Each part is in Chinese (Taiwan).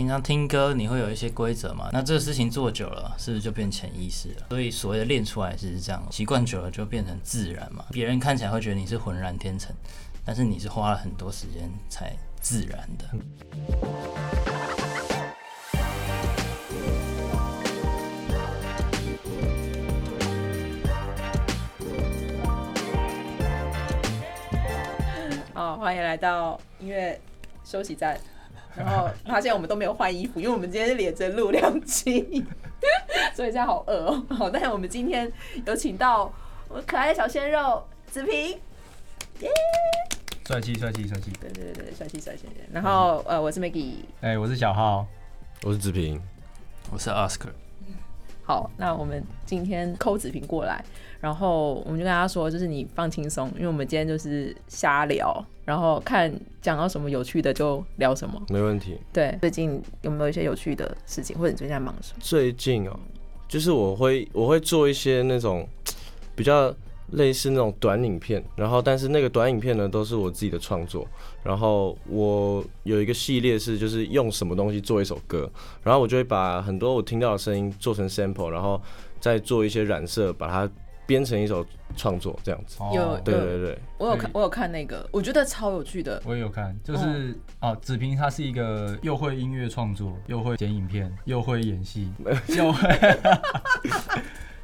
平常聽歌，你會有一些規則嘛？那這個事情做久了，是不是就變潛意識了？所以所謂的練出來是這樣，習慣久了就變成自然嘛。別人看起來會覺得你是渾然天成，但是你是花了很多時間才自然的。好，嗯，哦，歡迎來到音樂休息站。 然後，那現在我們都沒有換衣服，因為我們今天是連着錄兩集， 所以現在好餓哦、喔。好，但是我們今天有請到我可愛的小鮮肉子平，耶、yeah，帥氣帥氣帥氣，對對對，帥氣帥氣。然後呃，我是 Maggie，哎、欸，我是小浩，我是子平，我是 Casper 好，那我們今天扣子平過來，然後我們就跟他說，就是你放輕鬆，因為我們今天就是瞎聊，然後看講到什麼有趣的就聊什麼，沒問題。對，最近有沒有一些有趣的事情，或者你最近在忙什麼？最近哦，就是我會我會做一些那種比較。類似那種短影片，然後但是那個短影片呢都是我自己的創作。然後我有一個系列是就是用什麼東西做一首歌，然後我就會把很多我聽到的聲音做成 sample，然後再做一些染色，把它編成一首創作這樣子。哦，對對對，對，對，我有看，我有看那個，我覺得超有趣的。我也有看，就是哦、嗯啊，子平他是一個又會音樂創作，又會剪影片，又會演戲， 又會。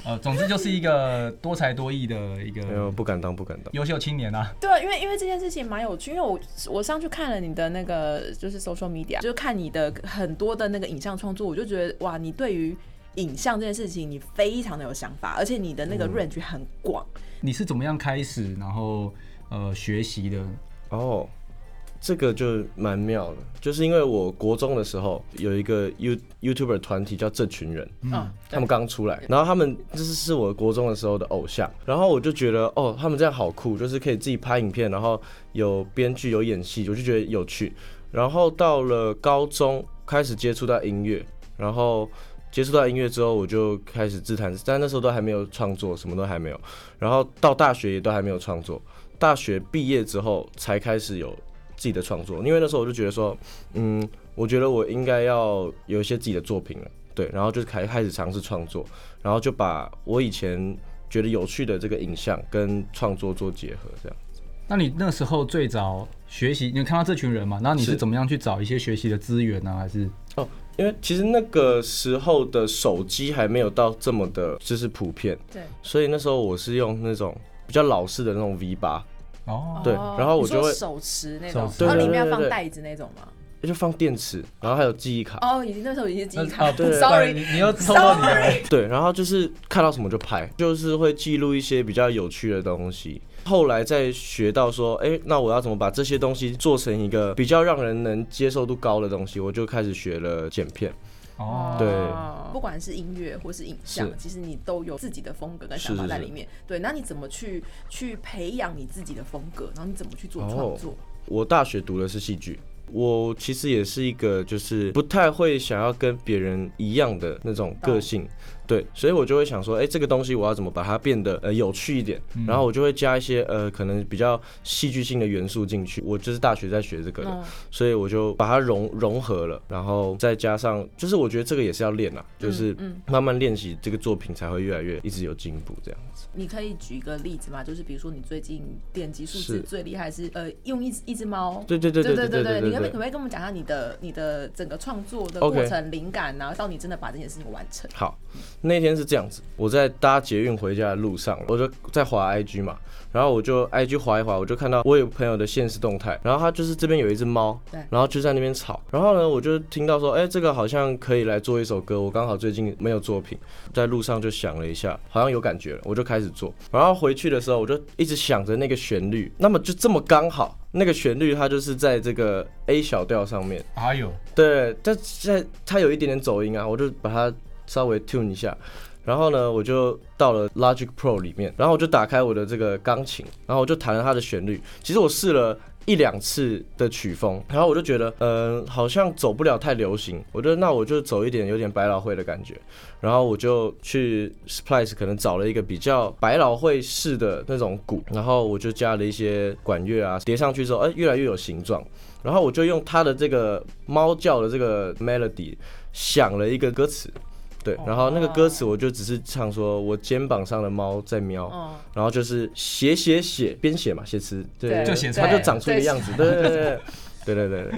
呃，總之就是一個多才多藝的一個、啊嗯，不敢當，不敢當，優秀青年啊。對，因為因為這件事情蠻有趣，因為我我上去看了你的那個就是 social media，就是看你的很多的那個影像創作，我就覺得哇，你對於影像這件事情你非常的有想法，而且你的那個 range 很廣、嗯。你是怎麼樣開始然後呃學習的哦？Oh. 這個就蠻妙的，就是因為我國中的時候有一個 You YouTuber 團體叫這群人，嗯，他們剛出來，然後他們這是我國中的時候的偶像，然後我就覺得哦，他們這樣好酷，就是可以自己拍影片，然後有編劇有演戲，我就覺得有趣。然後到了高中開始接觸到音樂，然後接觸到音樂之後，我就開始自彈，但那時候都還沒有創作，什麼都還沒有。然後到大學也都還沒有創作，大學畢業之後才開始有。自己的創作，因為那時候我就覺得說，嗯，我覺得我應該要有一些自己的作品了，對，然後就是開開始嘗試創作，然後就把我以前覺得有趣的這個影像跟創作做結合，這樣子。那你那時候最早學習，你有看到這群人嘛？那你是怎麼樣去找一些學習的資源呢、啊？還是，是哦，因為其實那個時候的手機還沒有到這麼的，就是普遍，對，所以那時候我是用那種比較老式的那種 V8。哦、oh.，對，然後我就會手持那種，然後裡面放袋子那種嘛，就放電池，然後還有記憶卡。哦，已經那時候已經是記憶卡 對對對，Sorry，你又抽到你了。對，然後就是看到什麼就拍，就是會記錄一些比較有趣的東西。後來再學到說，哎、欸，那我要怎麼把這些東西做成一個比較讓人能接受度高的東西？我就開始學了剪片。哦、oh.，對，不管是音樂或是影像，是，其實你都有自己的風格跟想法在裡面。是是是。對，那你怎麼去去培養你自己的風格？然後你怎麼去做創作？Oh, 我大學讀的是戲劇，我其實也是一個就是不太會想要跟別人一樣的那種個性。Oh. 對，所以我就會想說，哎、欸，這個東西我要怎麼把它變得呃有趣一點、嗯？然後我就會加一些呃可能比較戲劇性的元素進去。我就是大學在學這個的、嗯，所以我就把它融融合了，然後再加上，就是我覺得這個也是要練啊，就是慢慢練習這個作品才會越來越一直有進步這樣子。你可以舉一個例子嗎？就是比如說你最近點擊數字最厲害是，是呃用一一只貓。對對對對對對對，對，對，對，對，對。你可，不可以跟我們講一下你的你的整個創作的過程、okay、靈感，然後到你真的把這件事情完成。好。那天是這樣子，我在搭捷運回家的路上，我就在滑 IG 嘛，然後我就 IG 滑一滑，我就看到我有朋友的限時動態，然後他就是這邊有一隻貓，對，然後就在那邊吵，然後呢，我就聽到說，誒，這個好像可以來做一首歌，我剛好最近沒有作品，在路上就想了一下，好像有感覺了，我就開始做，然後回去的時候我就一直想着那個旋律，那麼就這麼剛好，那個旋律它就是在這個 A 小調上面，哎呦，對，但現在它有一點點走音啊，我就把它。稍微 tune 一下，然後呢，我就到了 Logic Pro 裡面，然後我就打開我的這個鋼琴，然後我就彈了它的旋律。其實我試了一兩次的曲風，然後我就覺得，嗯，呃，好像走不了太流行。我覺得那我就走一點有點百老匯的感覺。然後我就去 Splice 可能找了一個比較百老匯式的那種鼓，然後我就加了一些管樂啊，疊上去之後，哎，呃，越來越有形狀。然後我就用它的這個貓叫的這個 melody 想了一個歌詞。對，然後那個歌詞我就只是唱說，我肩膀上的貓在喵，然後就是寫寫寫，編寫嘛，寫詞，對，就寫它就長出一個樣子，對對對對。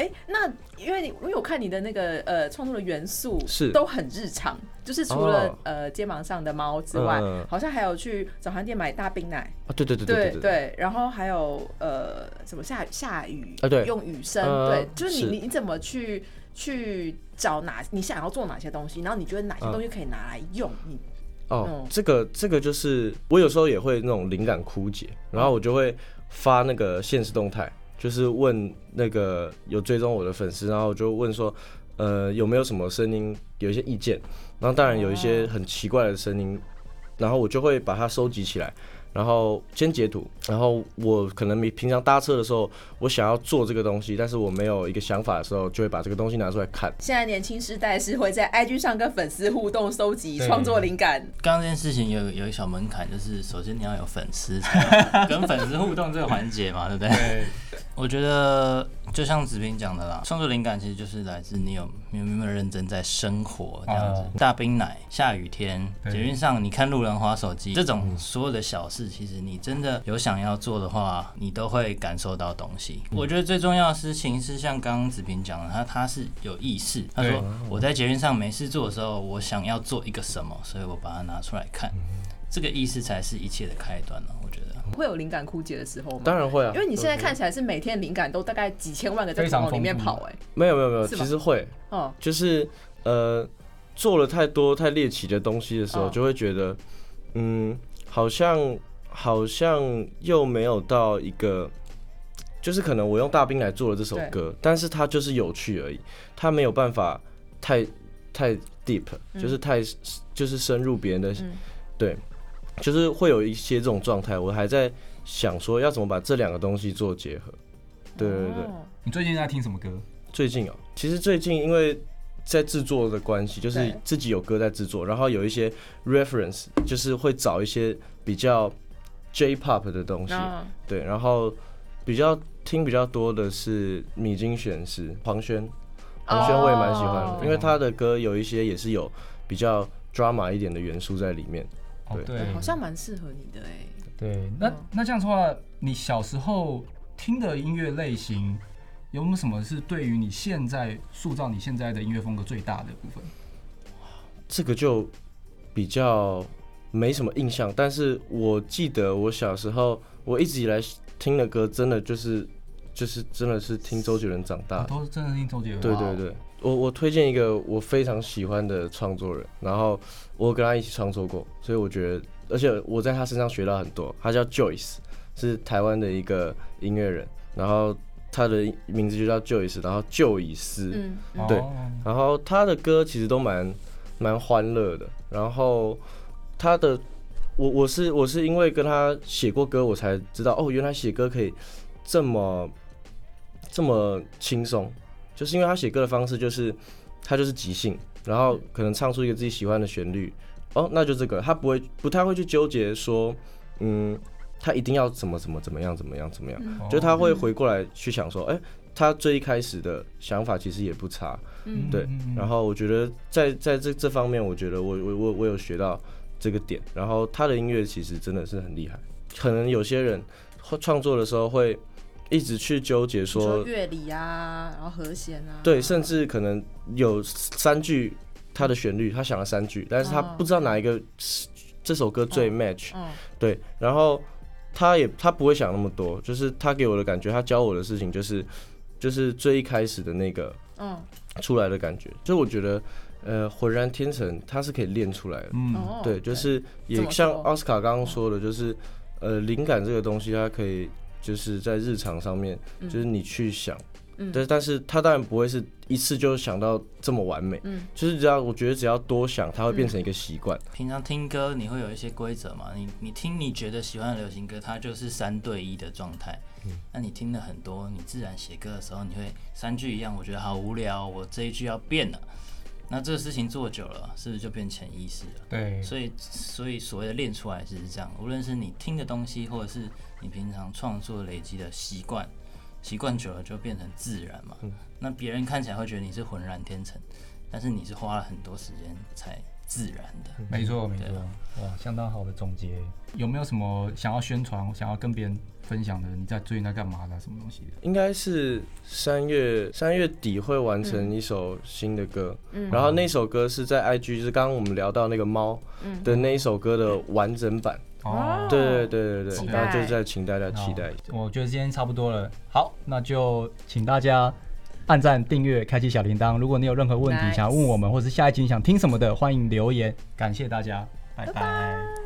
哎、欸，那因為你我有我看你的那個呃創作的元素是都很日常，是就是除了、哦、呃肩膀上的貓之外、嗯，好像還有去早餐店買大冰奶啊，對對對對對,對,對,對然後還有呃什麼下雨下雨啊，對，用雨聲、呃，對，就是你你你怎麼去去找哪你想要做哪些東西，然後你覺得哪些東西可以拿來用你？你、嗯嗯、哦，這個這個就是我有時候也會那種靈感枯竭，然後我就會發那個限時動態。嗯就是問那個有追蹤我的粉絲，然後就問說，呃，有沒有什麼聲音，有一些意見，那當然有一些很奇怪的聲音，oh. 然後我就會把它收集起來，然後先截圖，然後我可能比平常搭車的時候，我想要做這個東西，但是我沒有一個想法的時候，就會把這個東西拿出來看。現在年輕世代是會在 IG 上跟粉絲互動，收集創作靈感。剛剛這件事情有有一小門檻，就是首先你要有粉絲，跟粉絲互動這個環節嘛，對 不對？對。 我覺得就像子平講的啦，創作靈感其實就是來自你有沒有沒有認真在生活這樣子。Oh. 大冰奶，下雨天，捷運上，你看路人滑手機，這種所有的小事，其實你真的有想要做的話，你都會感受到東西。嗯、我覺得最重要的事情是像剛剛子平講的，他他是有意識，他說我在捷運上沒事做的時候，我想要做一個什麼，所以我把它拿出來看，嗯、這個意識才是一切的開端呢、啊。我覺得。會有靈感枯竭的時候嗎？當然會啊，因為你現在看起來是每天靈感都大概幾千萬個在腦裡面跑、欸，哎、欸，沒有沒有沒有，其實會，哦。就是呃，做了太多太獵奇的東西的時候，就會覺得，哦、嗯，好像好像又沒有到一個，就是可能我用大兵來做了這首歌，但是它就是有趣而已，它沒有辦法太太 deep，就是太、嗯、就是深入別人的、嗯、對。就是會有一些這種狀態，我還在想說要怎麼把這兩個東西做結合。對對對，你最近在聽什麼歌？最近哦、喔，其實最近因為在製作的關係，就是自己有歌在製作，然後有一些 reference，就是會找一些比較 J pop 的東西。Uh-huh. 對，然後比較聽比較多的是米津玄師、黃軒，黃軒我也蠻喜歡的，oh. 因為他的歌有一些也是有比較 drama 一點的元素在裡面。Oh, 對，好像蠻適合你的哎。對，那、嗯、那這樣子的話，你小時候聽的音樂類型有沒有什麼，是對於你現在塑造你現在的音樂風格最大的部分？這個就比較沒什麼印象，但是我記得我小時候，我一直以來聽的歌，真的就是就是真的是聽周杰倫長大，啊、都是真的聽周杰倫，對對對。我我推薦一個我非常喜歡的創作人，然後我跟他一起創作過，所以我覺得，而且我在他身上學到很多。他叫 Joyce，是台灣的一個音樂人，然後他的名字就叫 Joyce，然後 Joyce、嗯嗯、對，然後他的歌其實都蠻蠻歡樂的，然後他的我我是我是因為跟他寫過歌，我才知道哦，原來寫歌可以這麼這麼輕鬆。就是因為他寫歌的方式，就是他就是即興，然後可能唱出一個自己喜歡的旋律，哦，那就這個，他不會不太會去糾結說，嗯，他一定要怎麼怎麼怎麼樣怎麼樣怎麼樣，嗯，就他會回過來去想說，誒，他最一開始的想法其實也不差，嗯，對。然後我覺得在在這這方面，我覺得我我我我有學到這個點。然後他的音樂其實真的是很厲害，可能有些人創作的時候會一直去糾結說樂理啊，然後和弦啊，對，甚至可能有三句他的旋律，他想了三句，但是他不知道哪一個是這首歌最 match，對，然後他也他不會想那麼多，就是他給我的感覺，他教我的事情就是，就是最一開始的那個，嗯，出來的感覺，就我覺得，呃，渾然天成，他是可以練出來的，嗯，對，就是也像奧斯卡剛剛說的，就是，呃，靈感這個東西，它可以。就是在日常上面，嗯、就是你去想，但、嗯、但是他當然不會是一次就想到這麼完美，嗯，就是只要我覺得只要多想，它會變成一個習慣、嗯。平常聽歌你會有一些規則嘛？你你聽你覺得喜歡的流行歌，它就是三對一的狀態，那、嗯、你聽了很多，你自然寫歌的時候你會三句一樣，我覺得好無聊，我這一句要變了。那這個事情做久了，是不是就變潛意識了？對，所以所以所謂的練出來是這樣，無論是你聽的東西，或者是你平常創作累積的習慣，習慣久了就變成自然嘛。嗯、那別人看起來會覺得你是渾然天成，但是你是花了很多時間才。自然的，沒錯、啊、沒錯，哇，相當好的總結。有沒有什麼想要宣傳、想要跟別人分享的？你在追那幹嘛的什麼東西的？應該是三月三月底會完成一首新的歌，嗯，然後那首歌是在 IG，就是剛剛我們聊到那個貓的那一首歌的完整版。哦、嗯，對對對對對，大、哦、就再請大家期待一下。我覺得今天差不多了，好，那就請大家，按讚、訂閱、開啟小鈴鐺。如果你有任何問題想問我們，Nice. 或是下一集想聽什麼的，歡迎留言。感謝大家，拜拜。